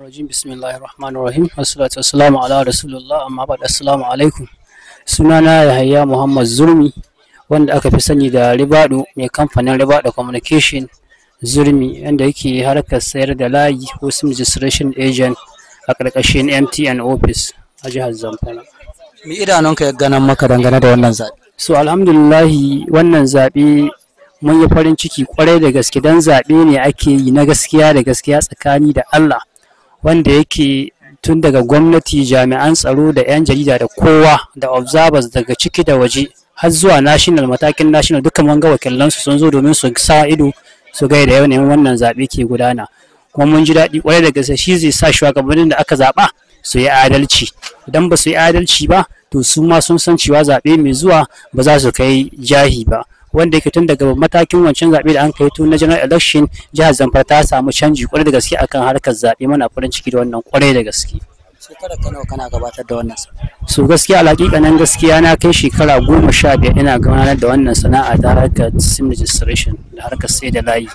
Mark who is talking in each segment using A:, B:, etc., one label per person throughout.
A: rajim bismillahir rahmanir wassalamu ala amma assalamu alaikum sunana yahaya muhammad zurmi wanda aka fi sani da ribado mai kamfanin ribado communication zurmi wanda yake harkar sayar da layi ko sim registration agent a ƙarƙashin mtn office a jihar zamfara mi idanunka ya ganan maka dangane da wannan zaɓe so alhamdulillahi wannan zaɓe mun yi farin ciki kwarai da gaske don zaɓe ne ake yi na gaskiya da gaskiya tsakani da allah wanda yake tun daga gwamnati jami'an tsaro da 'yan jarida da kowa da observers daga ciki da waje har zuwa national matakin national dukkan wanga wakilansu sun zo domin su sa ido su ga da yanayin wannan zaɓe ke gudana kuma mun ji daɗi ƙwarai da gaske shi zai sa shugabannin da aka zaɓa su yi adalci idan ba su yi adalci ba to su ma sun san cewa zaɓe mai zuwa ba za su kai jahi ba wanda yake tun daga matakin wancan zaɓe da an kai tun na general election jihar Zamfara ta samu canji kwarai da gaske akan harkar zaɓe mana farin ciki da wannan kwarai da gaske. shekara ka nawa kana gabatar da wannan sana'a su gaskiya laƙiƙa nan gaskiya na kai shekara goma sha biyar ina gabatar da wannan sana'a ta harkar sim registration da harkar sai da layi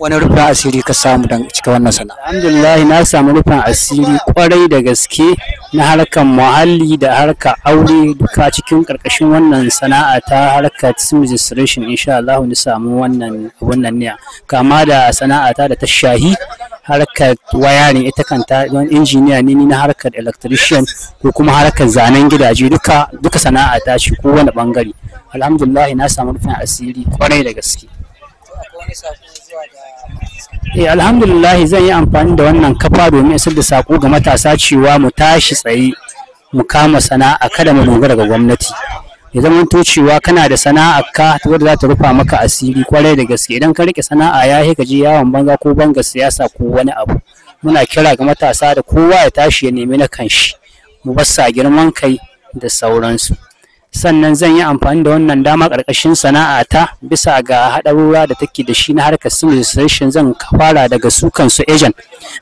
A: wani rufin asiri ka samu don cika wannan sana'a alhamdulillah na samu rufin asiri kwarai da gaske na harkar muhalli da harka aure duka cikin karkashin wannan sana'a ta harkar sim registration insha Allah ni samu wannan wannan niya kama da sana'a ta da ta shahi harkar wayarin ita kanta don injiniya ne ni na harkar electrician ko kuma harkar zanen gidaje duka duka sana'a ta shi wani bangare alhamdulillah na samu rufin asiri kwarai da gaske wani zuwa eh alhamdulillah zan yi amfani da wannan kafa domin isar da sako ga matasa cewa mu tashi tsaye mu kama sana'a kada mu dogara ga gwamnati ya zama to cewa kana da sana'a ka wadda za ta rufa maka asiri kwarai da gaske idan ka rike sana'a ya ka je yawon banga ko banga siyasa ko wani abu muna kira ga matasa da kowa ya tashi ya nemi na kanshi mu bassa girman kai da sauransu sannan zan yi amfani da wannan dama ƙarƙashin ta bisa ga haɗarura da take da shi na harkar civil registration zan fara daga su kansu agent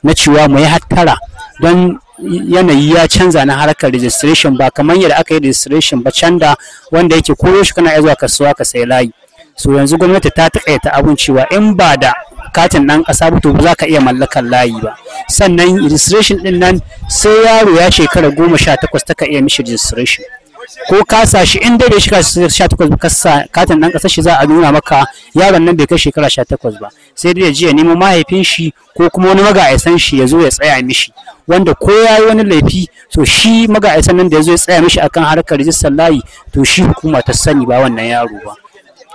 A: na cewa mu yi hattara don yanayi ya canza na harkar registration ba kamar yadda aka yi registration ba da wanda yake koyo shi kana zuwa kasuwa ka sai layi so yanzu gwamnati ta taƙaita abun cewa in ba da katin ɗan ƙasa ba ba za ka iya mallakar layi ba sannan registration ɗin nan sai yaro ya shekara goma sha takwas ta ka iya mishi registration ko ka shi in dai bai shiga 18 ka sa katin dan kasar shi za a nuna maka yaron nan bai kai shekara 18 ba sai dai jiya ya nemo mahaifin shi ko kuma wani magaisan shi ya zo ya tsaya mishi wanda ko yayi wani laifi to shi magaisan nan da yazo ya tsaya mishi akan harkar rijistar layi to shi hukuma ta sani ba wannan yaro ba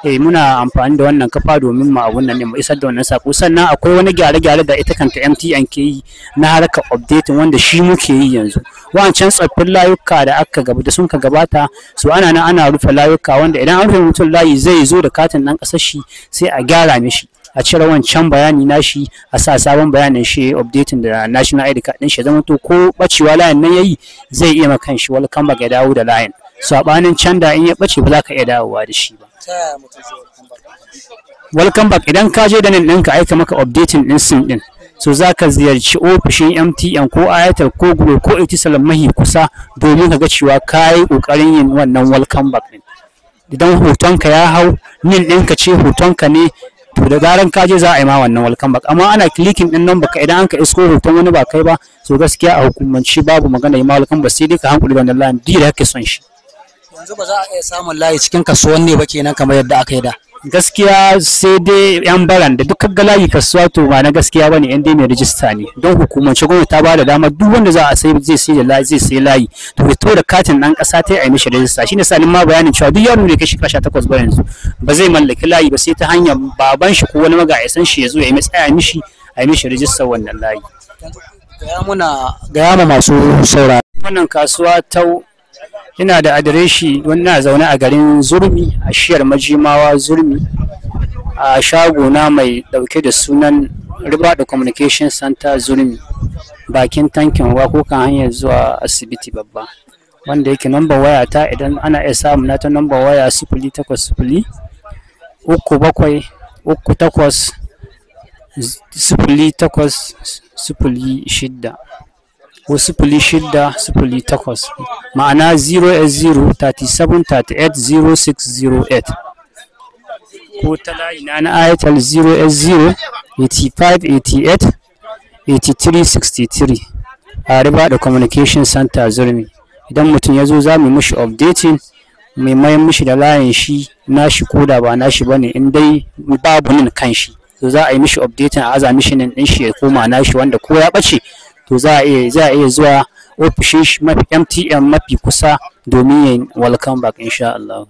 A: eh muna amfani da wannan kafa domin mu abun nan ne mu isar da wannan sako sannan akwai wani gyare-gyare da ita kanta MTN ke yi na harkar updating wanda shi muke yi yanzu wancan tsaffin layuka da aka gaba da sun ka gabata su ana nan ana rufe layuka wanda idan an rufe mutum layi zai zo da katin nan kasar shi sai a gyara mishi a cire wancan bayani nashi a sa sabon bayanin shi updating da national id card din shi zama to ko bacewa layin nan yayi zai iya makan shi welcome back ya dawo da layin sabanin can da in ya bace ba za ka iya dawowa da shi ba welcome back idan ka je da nan ɗinka aika maka updating ɗin sim ɗin so za ka ziyarci ofishin mtn ko ayatar ko google ko etisalam mahi kusa domin ka ga cewa ka yi ƙoƙarin yin wannan welcome back ɗin idan hotonka ya hau nin ɗinka ce hotonka ne to da zaran ka je za a yi ma wannan welcome back amma ana clicking din nan baka idan an ka isko hoton wani ba kai ba so gaskiya a hukumance babu magana yi ma welcome back sai dai ka hankuli da wannan line da kake son shi yanzu ba za a iya samun layi cikin kasuwan ne ba kenan kamar yadda aka yi da gaskiya sai dai yan baran da duk ga layi kasuwa to ba na gaskiya bane yan dai mai rijista ne don hukumance gwamnati ta da dama duk wanda za a sai zai sai layi zai sai layi to fito da katin dan kasa ta yi mishi rijista shine ni ma bayanin cewa duk yaro ne kai shi kasha takwas ba yanzu ba zai mallaki layi ba sai ta hanyar baban shi ko wani san shi ya zo ya yi tsaya mishi a yi mishi rijista wannan layi gaya muna gaya ma masu saurari wannan kasuwa ta ina da adireshi a zaune a garin zurmi a shiyar majimawa zurmi a shagona mai dauke da sunan da communication center zurmi bakin tankin ko kan hanyar zuwa asibiti babba wanda yake number waya ta idan ana iya samu na ta number waya sifili takwas sifili uku bakwai uku takwas sifili takwas sifili shidda ko sifili shidda sifili takwas ma'ana 0s0 ko ta layina na ayatal 0s0 8588 a riba da communication center zurmi idan mutum ya zo za mu mishi updating mai mayan mishi da layin shi nashi ko da ba nashi ba ne in dai babu nan kan shi to za a yi mishi updating a azamishin, mishi shi ya koma nashi wanda ko ya bace to za za a iya zuwa ofishin shi mafi MTN mafi kusa domin yin welcome back insha Allah